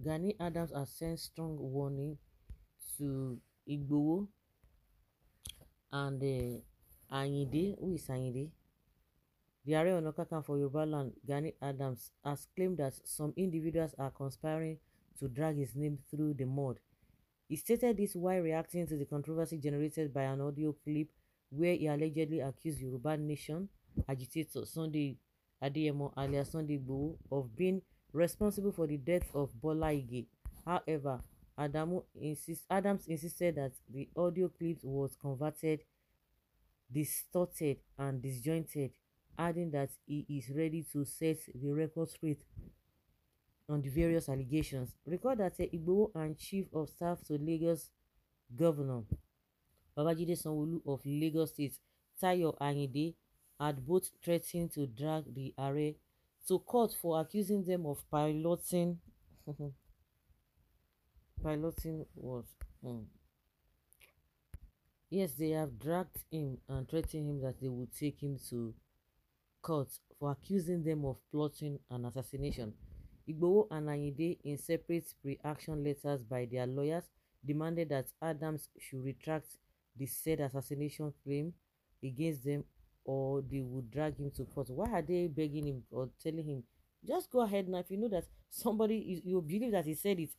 Gani Adams has sent strong warning to Igboho and uh, Ayinde, who is Ayinde? The Ààrẹ Ọ̀nà Kakanfò Yorùbá land, Gani Adams, has claimed that some individuals are conspiring to drag his name through the mud. He stated this while reacting to the controversy generated by an audio clip where he allegedly accused Yoruba Nation agitator Sunday Adeyemo alias Sunday Igboho of being responsible for the death of Bola Ige. However, Adamu insist, Adams insisted that the audio clip was converted, distorted, and disjointed, adding that he is ready to set the record straight on the various allegations. Record that uh, Igboho and Chief of Staff to Lagos Governor Babajide Sanwo-Olu of Lagos State, Tayo Ayinde, had both threatened to drag the array to court for accusing them of piloting piloting what mm. yes they have dragged him and threatened him that they would take him to court for accusing them of plotting an assassination Igboho and Ayinde in separate pre-action letters by their lawyers demanded that Adams should retract the said assassination claim against them or they would drag him to court. Why are they begging him or telling him, just go ahead now? If you know that somebody, you, you believe that he said it,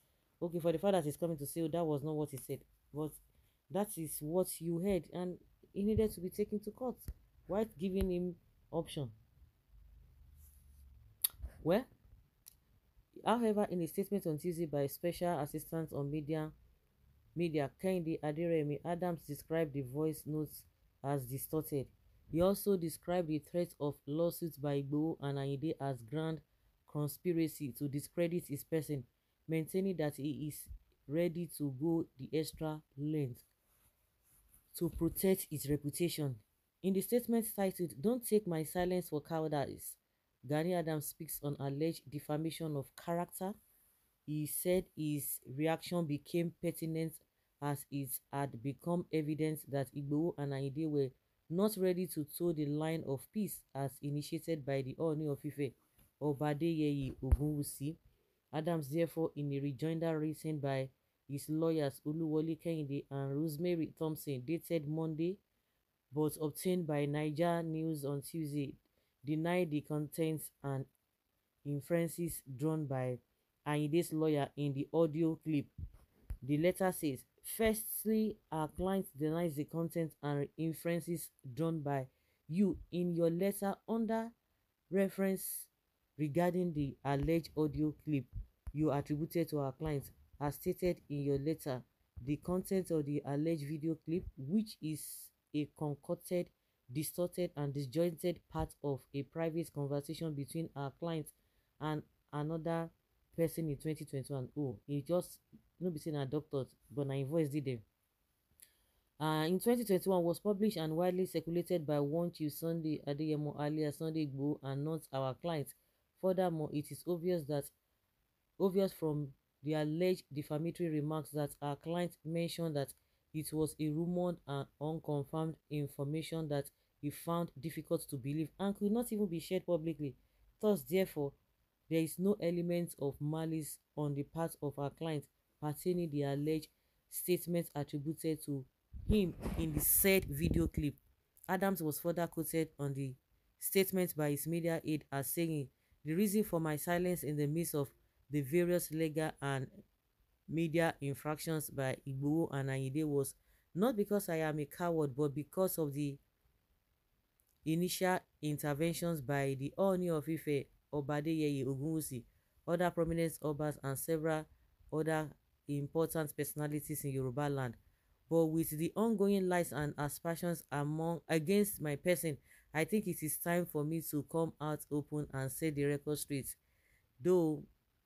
okay, for the fact that he's coming to say, oh, that was not what he said, but that is what you heard, and he needed to be taken to court. Why giving him option? Well, however, in a statement on Tuesday by Special Assistant on Media, Media Kendi Adiremi Adams described the voice notes as distorted He also described the threat of lawsuits by Bo and Aide as grand conspiracy to discredit his person, maintaining that he is ready to go the extra length to protect his reputation. In the statement cited, Don't take my silence for cowardice, Gani Adams speaks on alleged defamation of character. He said his reaction became pertinent as it had become evident that Igbo and Aide were not ready to toe the line of peace as initiated by the Ooni of Ife, Oba Adeyeye Ogunwusi. Adams therefore, in a rejoinder written by his lawyers Oluwole Kehinde and Rosemary Thompson dated Monday but obtained by Niger News on Tuesday denied the contents and inferences drawn by Ayide's lawyer in the audio clip The letter says, Firstly, our client denies the content and inferences drawn by you in your letter under reference regarding the alleged audio clip you attributed to our client. As stated in your letter, the content of the alleged video clip, which is a concocted, distorted, and disjointed part of a private conversation between our client and another person in 2021. Oh, it just no be saying a doctor, but na voice did them. Uh, ah, in 2021 was published and widely circulated by one chief Sunday Adeyemo alias Sunday Igbo and not our clients. Furthermore, it is obvious that obvious from the alleged defamatory remarks that our client mentioned that it was a rumored and unconfirmed information that he found difficult to believe and could not even be shared publicly. Thus, therefore, there is no element of malice on the part of our client pertaining the alleged statements attributed to him in the said video clip. Adams was further quoted on the statement by his media aide as saying, The reason for my silence in the midst of the various legal and media infractions by Igboho and Ayinde was not because I am a coward, but because of the initial interventions by the Oni of Ife, Obadeye Ogunwusi, other prominent Obas, and several other important personalities in Yoruba land. But with the ongoing lies and aspersions among against my person, I think it is time for me to come out open and set the record straight. Though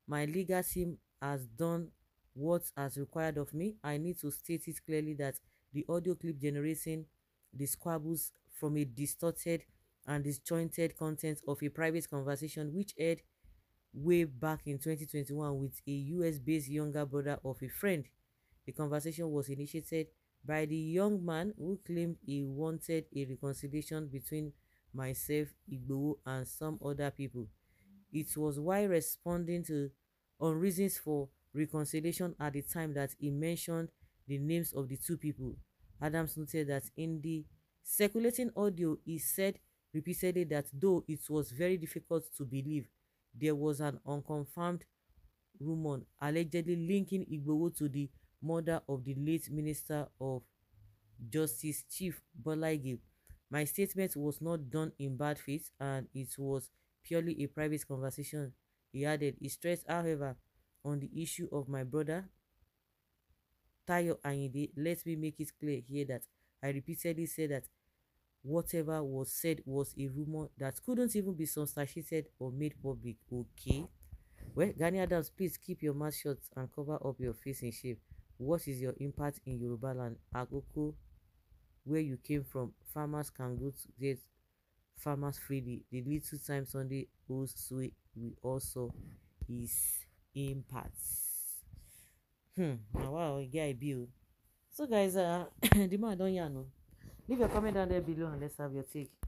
my legal team has done what has required of me, I need to state it clearly that the audio clip generating the squabbles from a distorted and disjointed content of a private conversation which aired way back in 2021 with a US based younger brother of a friend. The conversation was initiated by the young man who claimed he wanted a reconciliation between myself, Igbo, and some other people. It was while responding to on reasons for reconciliation at the time that he mentioned the names of the two people. Adams noted that in the circulating audio, he said repeatedly that though it was very difficult to believe, there was an unconfirmed rumor allegedly linking Igboho to the murder of the late Minister of Justice Chief Bola My statement was not done in bad faith and it was purely a private conversation, he added. He stressed, however, on the issue of my brother Tayo Ayinde. Let me make it clear here that I repeatedly said that whatever was said was a rumor that couldn't even be substantiated or made public. Okay. Well, Gani Adams, please keep your mouth shut and cover up your face in shape. What is your impact in Yoruba land? Akoko, where you came from, farmers can go to get farmers freely. The little time Sunday holds sway we also his impacts. Hmm, wow, guy bill. So guys, uh, the man don't know. Leave your comment down there below and let's have your take.